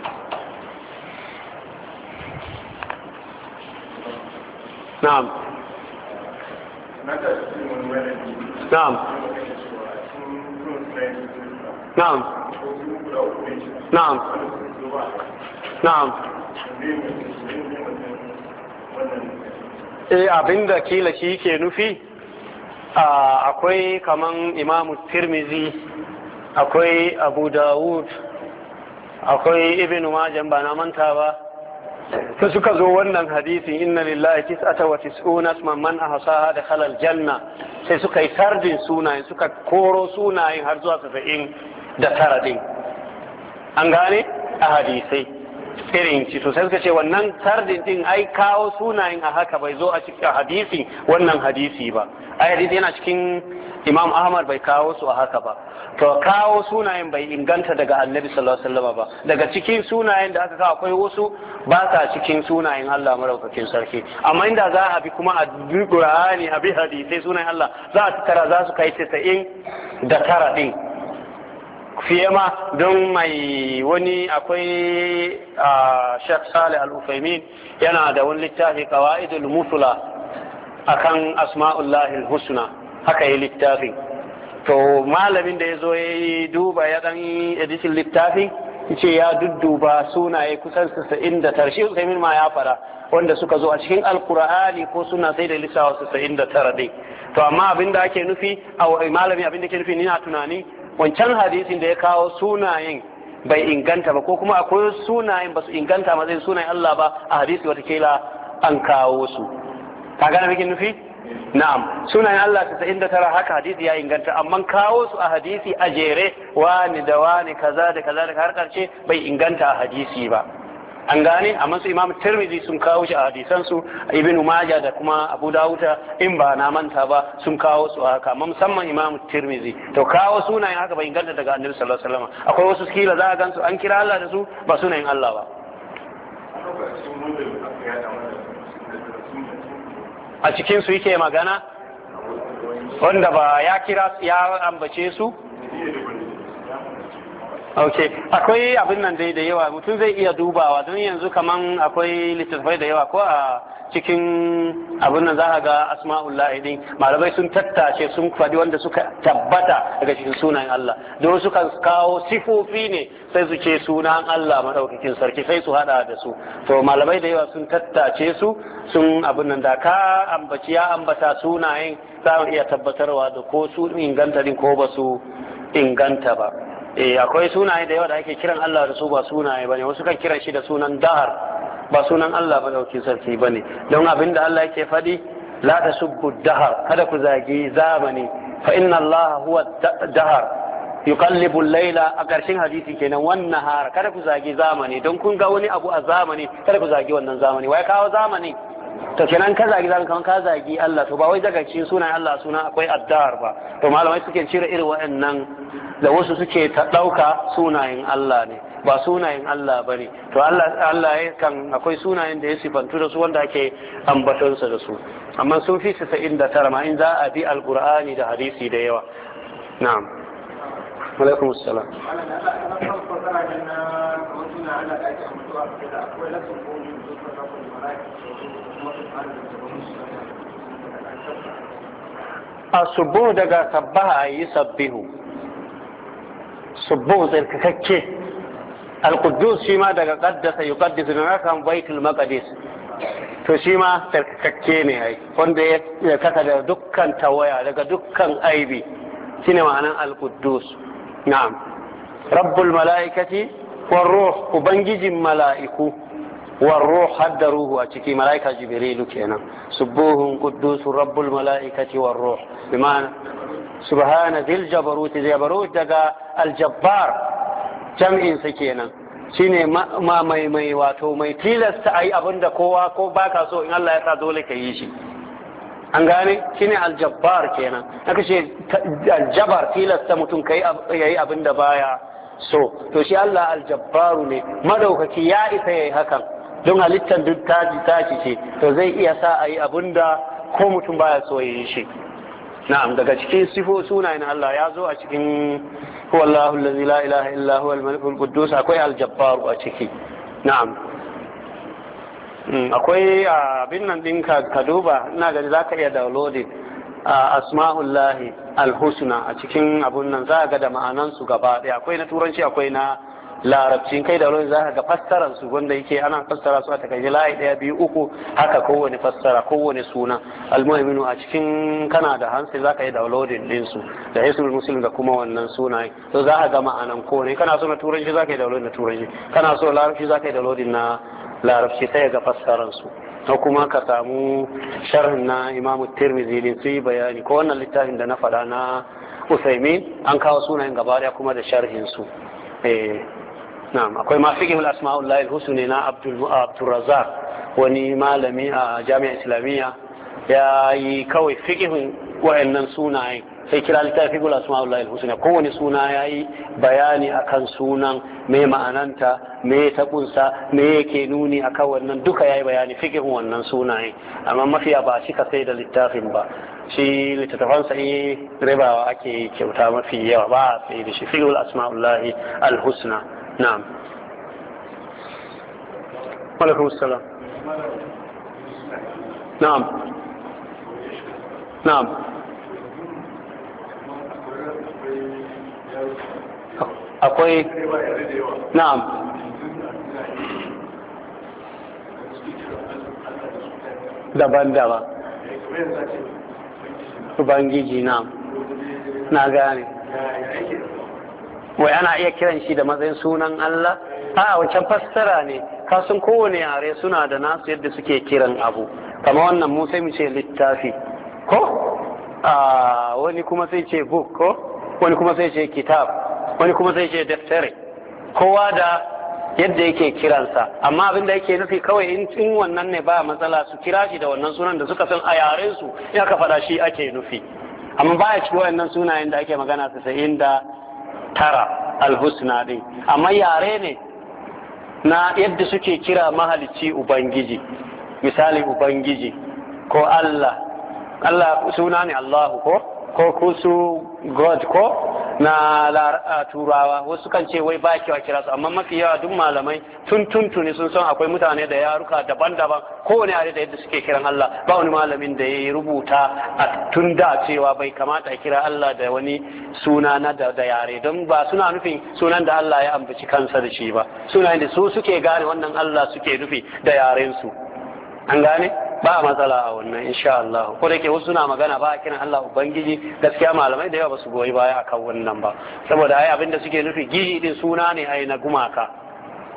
na'am na'am na'am na'am na'am eh abinda kila shi ke nufi akwai kaman imamu tirmizi akwai abu dawud akwai ibn majan ba na manta ba ta suka zo wannan hadisin inna lillahi tis'ata wa tis'una man man ahsaha da halal janna sai suka yi tarjin sunayen suka koro sunayen har zuwa saba'in da tara din an gane a hadisai irin to sai suka ce wannan sardin din ai kawo sunayen a haka bai zo a cikin hadisi wannan hadisi ba ai hadisi yana cikin imam ahmad bai kawo su a haka ba to kawo sunayen bai inganta daga annabi sallallahu alaihi ba daga cikin sunayen da aka kawo akwai wasu ba sa cikin sunayen Allah maraukakin sarki amma inda za a bi kuma a Qur'ani a bi hadisi sunayen Allah za a tara za su kai casa'in da tara din fiye ma don mai wani akwai Sheikh Saleh al yana da wani littafi qawaidul musula akan asma'ullahi husna haka yi littafin to malamin da ya zo ya yi duba ya dan edisin littafin ce ya dudduba sunaye kusan sassa'in da tarshe ma ya fara wanda suka zo a cikin alkur'ani ko suna sai da lissawa sassa'in inda tara dai to amma abin ake nufi a malami abin da ke nufi ni na tunani wancan hadisin da ya kawo sunayen bai inganta ba ko kuma akwai sunayen ba su inganta matsayin sunayen Allah ba a hadisi wata kila an kawo su ka gane nake nufi na'am sunayen Allah tara haka hadisi ya inganta amma kawo su a hadisi a jere wani da wani kaza da kaza da har karshe bai inganta a hadisi ba an gane a masu imam tirmidhi sun kawo shi a hadisansu ibn majah da kuma abu dawuda in ba na manta ba sun kawo su haka amma musamman imam tirmidhi to kawo sunayen haka bai inganta daga annabi sallallahu alaihi wasallam akwai wasu kila za a gansu an kira Allah da su ba sunayen Allah ba a cikin su yake magana wanda ba ya kira ya ambace su ok akwai abin nan dai da yawa mutum zai iya dubawa don yanzu kaman akwai littattafai da yawa ko a cikin abin nan za a ga asma'ullahi din malamai sun tattace sun faɗi wanda suka tabbata daga cikin sunayen Allah don suka kawo sifofi ne sai su ce sunan Allah maɗaukakin sarki sai su haɗa da su to malamai da yawa sun tattace su sun abin nan da ka ambaci ya ambata sunayen za iya tabbatarwa da ko su inganta ko ba su inganta ba eh akwai sunaye da yawa da ake kiran Allah da su ba sunaye bane wasu kan kiran shi da sunan dahar ba sunan Allah ba dauki sarki bane don abinda Allah yake faɗi la tasubbu dahar kada ku zagi zamani fa inna Allah huwa dahar yuqallibu al-laila a ƙarshen hadisi kenan wannan har kada ku zagi zamani don kun ga wani abu a zamani kada ku zagi wannan zamani wai kawo zamani to kenan ka zagi zaka kan ka zagi Allah to ba wai daga cikin sunan Allah suna akwai addar ba to malamai suke cire irin wa'annan da wasu suke ta ɗauka sunayen Allah ne ba sunayen Allah ba ne to Allah Allah kan akwai sunayen da ya sifantu da su wanda ake ambatonsa da su amma sun fi tara ma in za a bi alqur'ani da hadisi da yawa na'am alaikum assalam a daga sabbaha a yi sabbihu subuhu tsirkakakke al-quddus shi ma daga qaddasa da na kan baitul maqdis to shi ma tsarkakakke ne ai wanda ya kasa da dukkan tawaya daga dukkan aibi shine ma'anan al-quddus na'am rabbul mala'ikati kwarro ruh ubangijin mala'iku والروح قدروه أتكي ملائكة جبريل كينا سبوهم قدوس رب الملائكة والروح بمعنى سبحان ذي الجبروت ذي جبروت دقا الجبار جمع سكينا shine ma mai wato mai tilasta a yi abin kowa ko baka so in Allah ya sa dole ka yi shi an gane shine aljabbar kenan aka ce aljabar tilasta mutum ka yi abin baya so to shi Allah aljabbaru ne madaukaki ya isa yayi hakan don halittar duk taji ce to zai iya sa a yi abin da ko mutum baya so shi na'am daga cikin sifo sunayen Allah ya zo a cikin huwallahu allazi la ilaha illa huwa al-malikul akwai al a ciki na'am hmm, akwai abin nan din ka ka duba ina gani zaka iya a asma'ullahi al-husna a cikin abun nan za ga da ma'anansu su gaba akwai na turanci akwai na larabci kai da wani zaka ga fassarar su gonda yake ana fassara su a takaice layi daya biyu uku haka kowane fassara kowane suna almuhiminu a cikin kana da hansi zaka yi downloading din su da hisbul muslim da kuma wannan suna to za ga ma'anan ne kana so na turanci zaka yi downloading na turanci kana so larabci zaka yi downloading na larabci sai ga fassarar su ko kuma ka samu sharhin na Imam tirmidhi din su yi bayani ko wannan littafin da na faɗa na usaimin an kawo sunayen gaba kuma da sharhin su eh. na'am akwai ma fiqhul asma'ullahi al-husna na Abdul Abdurrazzaq wani malami a jami'a islamiyya ya yi kawai fiqhun wa'annan sunayen sai kira littafi gula asma'ullahi al-husna kowane suna yayi bayani akan sunan me ma'ananta me ta kunsa me yake nuni akan wannan duka yayi bayani fiqhun wannan sunaye amma mafiya ba shi ka sai da littafin ba shi littattafan sai ribawa ake kyauta mafi yawa ba sai da shi fiqhul asma'ullahi al-husna na'am alaikum salam na'am na'am akwai na'am daban-daban ubangiji na'am na gane wa ana iya kiran shi da matsayin sunan Allah a wancan fassara ne kasan kowane yare suna da nasu yadda suke kiran abu kama wannan mu mu ce littafi ko a wani kuma sai ce book ko wani kuma sai ce kitab wani kuma sai ce daftare kowa da yadda yake kiransa amma abin da yake nufi kawai in wannan ne ba matsala su kira shi da wannan sunan da suka san a yaren su ya ka faɗa shi ake nufi amma baya ci wayannan sunayen da ake magana su sai inda tara alhusna din amma yare ne na yadda suke kira mahalicci ubangiji misali ubangiji ko Allah Allah suna ne Allahu ko ko su God ko na turawa wasu kan ce wai ba kyau kira su amma mafi yawa duk malamai tun tuntuni sun san akwai mutane da yaruka daban-daban kowane are da yadda suke kiran Allah ba wani malamin da ya rubuta a tun da cewa bai kamata a kira Allah da wani suna na da, yare don ba suna nufin sunan da Allah ya ambaci kansa da shi ba suna da su suke gane wannan Allah suke nufi da yaren su an gane ba matsala a wannan insha Allah ko da ke wasu suna magana ba a kiran Allah ubangiji gaskiya malamai da yawa ba su goyi baya akan wannan ba saboda ai abinda suke nufi gihi din suna ne ai na gumaka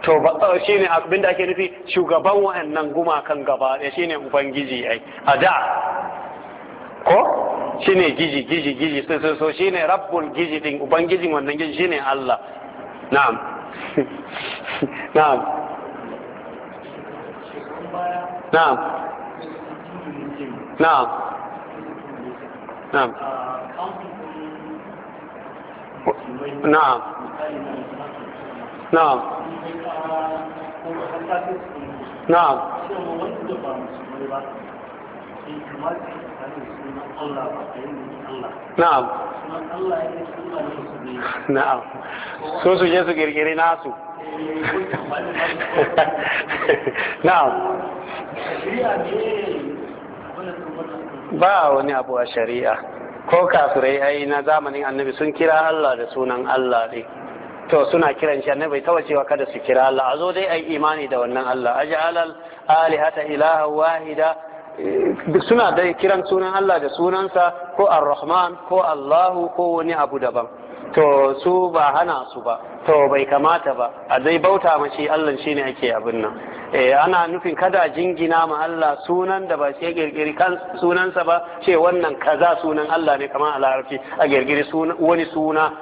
to shine abinda ake nufi shugaban wa'annan gumakan gaba ɗaya shine ubangiji ai a da ko shine giji giji giji so so so shine rabbul giji din ubangijin wannan giji shine Allah na'am [LAUGHS] na'am na'am na'am na'am na'am na'am na'am na'am na'am so su je su girgiri nasu [LAUGHS] ba wani abu a shari'a ko kafirai ai na zamanin annabi sun kira Allah da sunan Allah ne to suna kiran shi annabi ta cewa kada su kira Allah a zo dai ai imani da wannan Allah aj'alal alihata ilaha wahida eh, suna dai kiran sunan Allah da sunansa ko ar-rahman ko Allahu ko wani abu daban to su ba hana su ba to bai kamata ba a dai bauta mashi Allah shine ake abin nan eh ana nufin kada jingina ma Allah sunan da ba shi girgiri kan sunansa ba ce wannan kaza sunan Allah ne kamar a a girgiri wani suna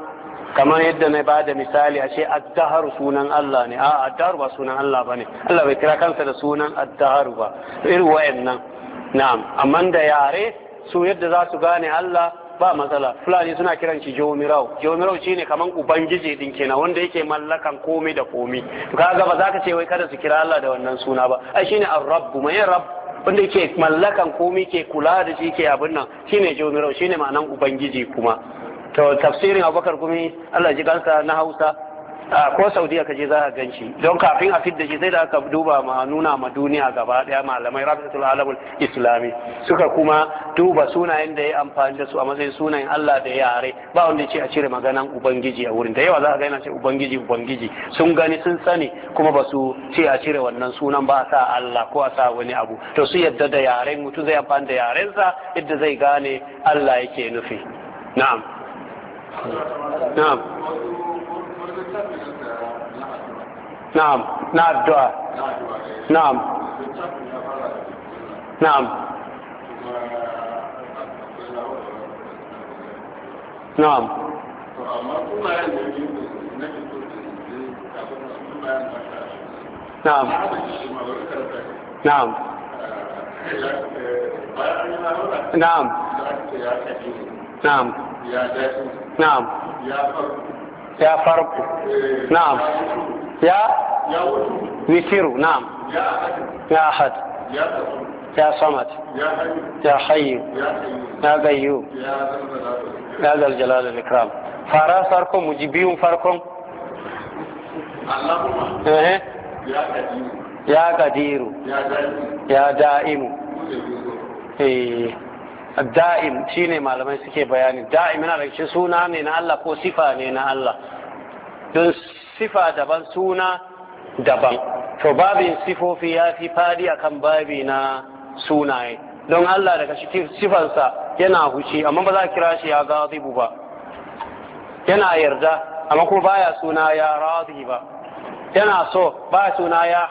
kamar yadda na ba da misali a ce addahar sunan Allah ne a addahar ba sunan Allah ba ne Allah bai kira kansa da sunan addahar ba irin wayannan na'am amma da yare su yadda za su gane Allah ba matsala fulani suna kiran shi jomirau jomirau shine kaman ubangiji din kenan wanda yake mallakan komai da komai to kaga ba za ka ce wai kada su kira Allah da wannan suna ba ai shine ar-rabb mai rabb wanda yake mallakan komi ke kula da shi ke abin nan shine jomirau shine ma'anan ubangiji kuma to tafsirin Abubakar kuma Allah ji kansa na Hausa ko saudiya ka je za a gan shi don kafin a fidda shi sai da aka duba ma nuna ma duniya gaba daya malamai rafitul alamul islami suka kuma duba sunayen da ya amfani da su a matsayin sunayen Allah da yare ba wanda ce a cire maganan ubangiji a wurin da yawa za a ga ce ubangiji ubangiji sun gani sun sani kuma ba su ce a cire wannan sunan ba a sa Allah ko a sa wani abu to su yadda da yaren mutum zai amfani da yarensa yadda zai gane Allah yake nufi na'am na'am na'am na addu'a na'am na'am na'am na'am na'am na'am na'am na'am ya farko na'am ya witiru na'am ya ahad ya samad ya hayyu ya gayyu ya zaljalal al-ikram fara farko biyun farkon ya qadiru ya da'imu da'im shine malamai suke bayani da'im yana da cikin suna ne na Allah ko sifa ne na Allah don sifa daban suna daban to babin sifofi ya fi fadi akan babi na sunaye don Allah daga cikin sifansa yana huci amma ba za a kira shi ya gazibu ba yana yarda amma kuma baya suna ya radi ba yana so ba suna ya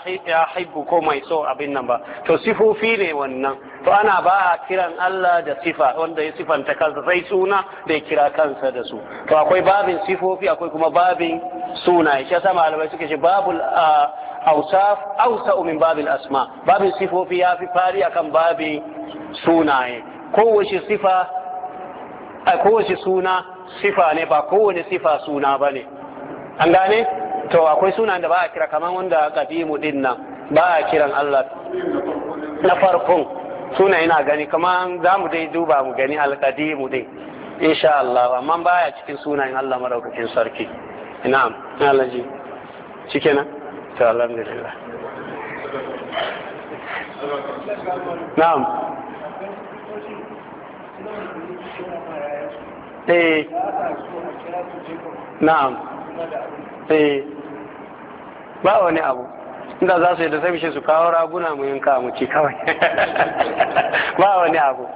haibu ko mai so abin nan ba to sifofi ne wannan to ana ba a kiran Allah da sifa wanda ya sifanta kansa sai suna da ya kira kansa da su to akwai babin sifofi akwai kuma babin suna shi yasa malamai suke ce babul awsaf awsa min babil asma babin sifofi ya fi fari akan babin sunaye kowace sifa a kowace suna sifa ne ba kowane sifa suna ba ne an gane to akwai suna da ba a kira kamar wanda kadimu din nan ba a kiran Allah na farkon suna ina gani kamar za mu dai duba mu gani mu dai insha Allah amma baya cikin sunayen Allah maraukakin sarki Ina Allah ji cike na ta alhamdulillah na'am eh na'am eh ba wani abu inda za su yi da sai shi su kawo raguna mu yanka mu ci kawai [LAUGHS] ba wani abu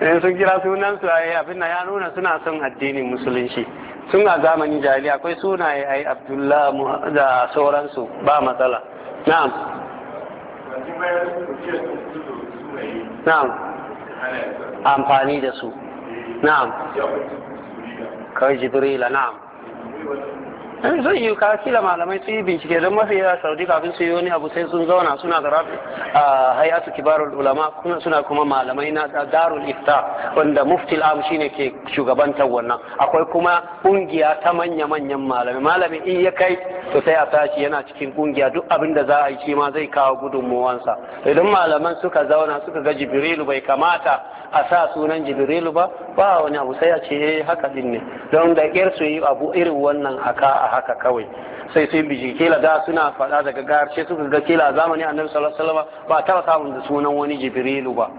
in sun kira sunan su ayi abin ya nuna suna son addinin musulunci sun a zamanin jahiliya akwai sunaye ai abdullah da sauransu ba matsala na'am na'am amfani da su na'am kawai jibrila na'am in eh, zai yi kila malamai su yi bincike don mafi yawa saudi kafin su yi wani abu sai sun zauna suna rafi a hayatu kibarul ulama suna kuma malamai na darul ifta wanda mufti al'am shine ke shugabantar wannan akwai kuma kungiya ta manya manyan malamai malamin in ya kai to sai a tashi yana cikin kungiya duk abin da za a yi shi ma zai kawo gudunmuwansa idan malaman suka zauna suka ga jibrilu bai kamata a sa sunan jibrilu ba ba wani abu sai a ce eh, haka din ne don da su yi abu irin wannan aka haka kawai sai sai biji kila da suna faɗa daga garshe suka ga kila zamani annabi sallallahu alaihi wasallam ba taba samun da sunan wani jibrilu ba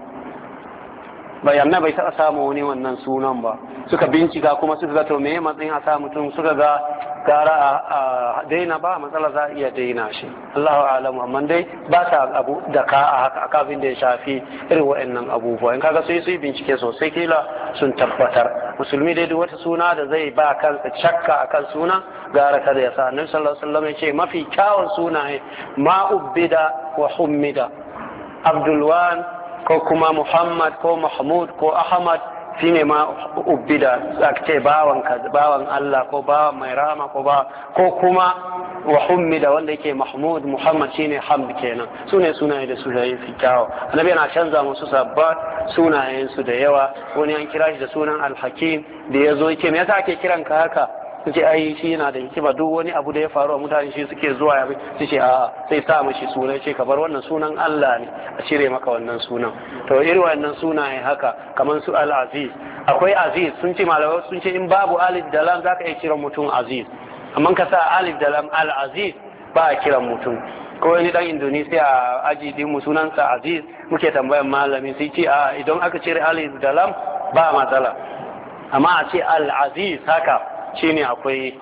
bai bai taɓa samu wani wannan sunan ba suka bincika kuma suka ga to me matsayin a sa mutum suka ga gara a daina ba matsala za a iya daina shi Allahu alamu amma dai ba sa abu da ka a haka kafin da ya shafi irin wa'annan abubuwa in kaga sai su yi bincike sosai kila sun tabbatar musulmi dai duk wata suna da zai ba kansa shakka akan suna gara kada ya sa annabi sallallahu alaihi wasallam ya ce mafi kyawun sunaye ma wa hummida abdulwan ko kuma muhammad ko mahmud ko ahmad shine ma ubbida ce bawan bawan Allah ko bawan mai rama ko ba ko kuma wa hummida wanda yake mahmud muhammad shine hamd kenan sune sunaye da sunaye fi annabi yana canza musu sabbat sunayen su da yawa wani an kira shi da sunan alhakim da yazo yake me yasa ake kiran ka haka su ce ai shi yana da hikima duk wani abu da ya faru a mutane shi suke zuwa ya su ce a sai sa mashi sunan ce bar wannan sunan Allah ne a cire maka wannan sunan to irin wannan sunaye haka kamar su al-aziz akwai aziz sun ce malamai sun ce in babu alif da lam zaka iya kiran mutum aziz amma ka sa alif da lam al-aziz ba a kiran mutum ko wani dan Indonesia aji din sunansa Aziz muke tambayan malami sai ce a idan aka cire alif da lam ba matsala amma a ce al-aziz haka shine akwai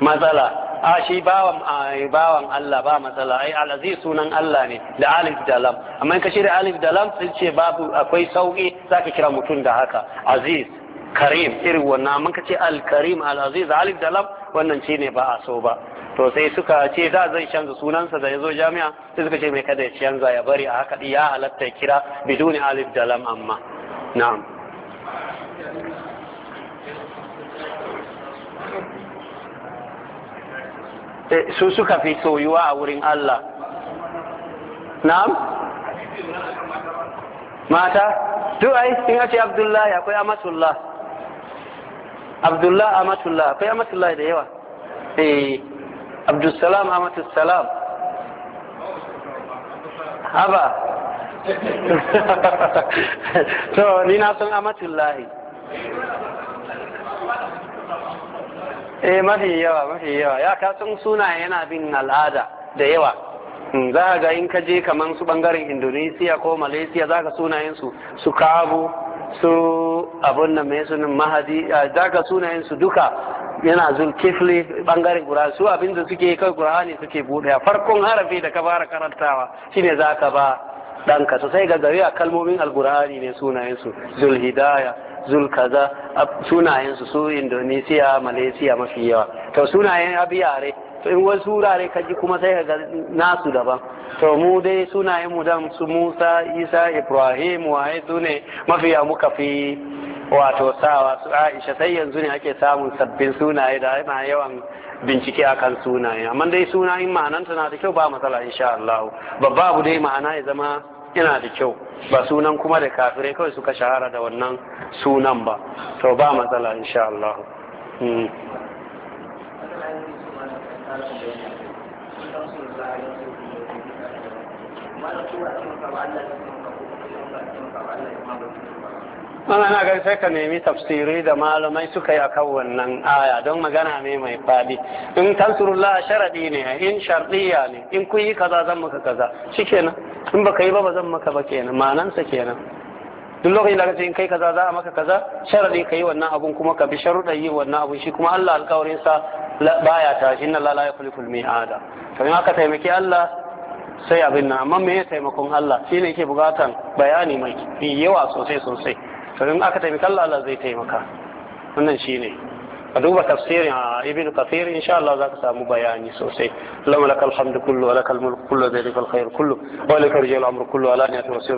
matsala a shi bawan Allah ba matsala ai alazi sunan Allah ne da alif da lam amma ka da alif da lam sun ce babu akwai sauki zaka kira mutum da haka aziz karim irin wannan amma ka ce al-karim al-aziz alif da wannan shi ne ba a so ba to sai suka ce za zai canza sunansa da ya zo jami'a sai suka ce mai kada ya canza ya bari a haka ya halatta ya kira biduni alif da amma na'am Eh, su suka fi soyuwa a wurin Allah na'am mata duk ai in ce abdullahi akwai amatullah abdullahi amatullah akwai amatullah da yawa eh abdussalam amatussalam haba [LAUGHS] to ni na san amatullahi eh mafi yawa mafi yawa ya ka san suna yana bin al'ada da yawa hmm, za ka ga in ka je kaman su bangaren Indonesia ko Malaysia za ka sunayen su su kabu su abun nan mai sunan mahadi eh, za ka sunayen su duka yana kifli bangaren qur'ani su abin da suke kai qur'ani suke bude farkon harafi da ka fara karantawa shine za ka ba ɗanka sosai sai ga gari a kalmomin alqur'ani ne sunayen su hidayah. zul kaza sunayen su su Indonesia Malaysia mafi yawa to sunayen abiyare to in wasu wurare ka kuma sai ga nasu daban to mu dai sunayen mu dan su Musa Isa Ibrahim waye su ne mafi ya muka fi wato sawa su Aisha sai yanzu ne ake samun sabbin sunaye da ina yawan bincike akan sunaye amma dai sunayen ta na da kyau ba matsala insha Allah babba abu dai ma'ana ya zama yana da kyau ba sunan kuma da kafirai kawai suka shahara da wannan sunan ba to ba matsala insha Allah hmm. ana gan sai ka nemi tafsiri da malamai suka yi akan wannan aya don magana ne mai fadi in tansurullah sharadi ne in shardiya ne in kun yi kaza zan maka kaza shikenan in baka yi ba ba zan maka ba kenan manansa kenan duk lokacin da kace in kai kaza za a maka kaza sharadi kai wannan abun kuma ka bi sharuɗan yi wannan abun shi kuma Allah alƙawarin sa baya ta shi inna la yukhlifu al-mi'ada to in aka taimaki Allah sai abin nan amma me ya taimakon Allah shine yake bukatan bayani mai yawa sosai sosai to in aka taimaka Allah Allah zai taimaka wannan ne a duba tafsirin a ibn kathir insha Allah za ka samu bayani sosai lamma hamdu kullu wa lakal mulku kullu kullu wa lakal rijal amru kullu ala niyati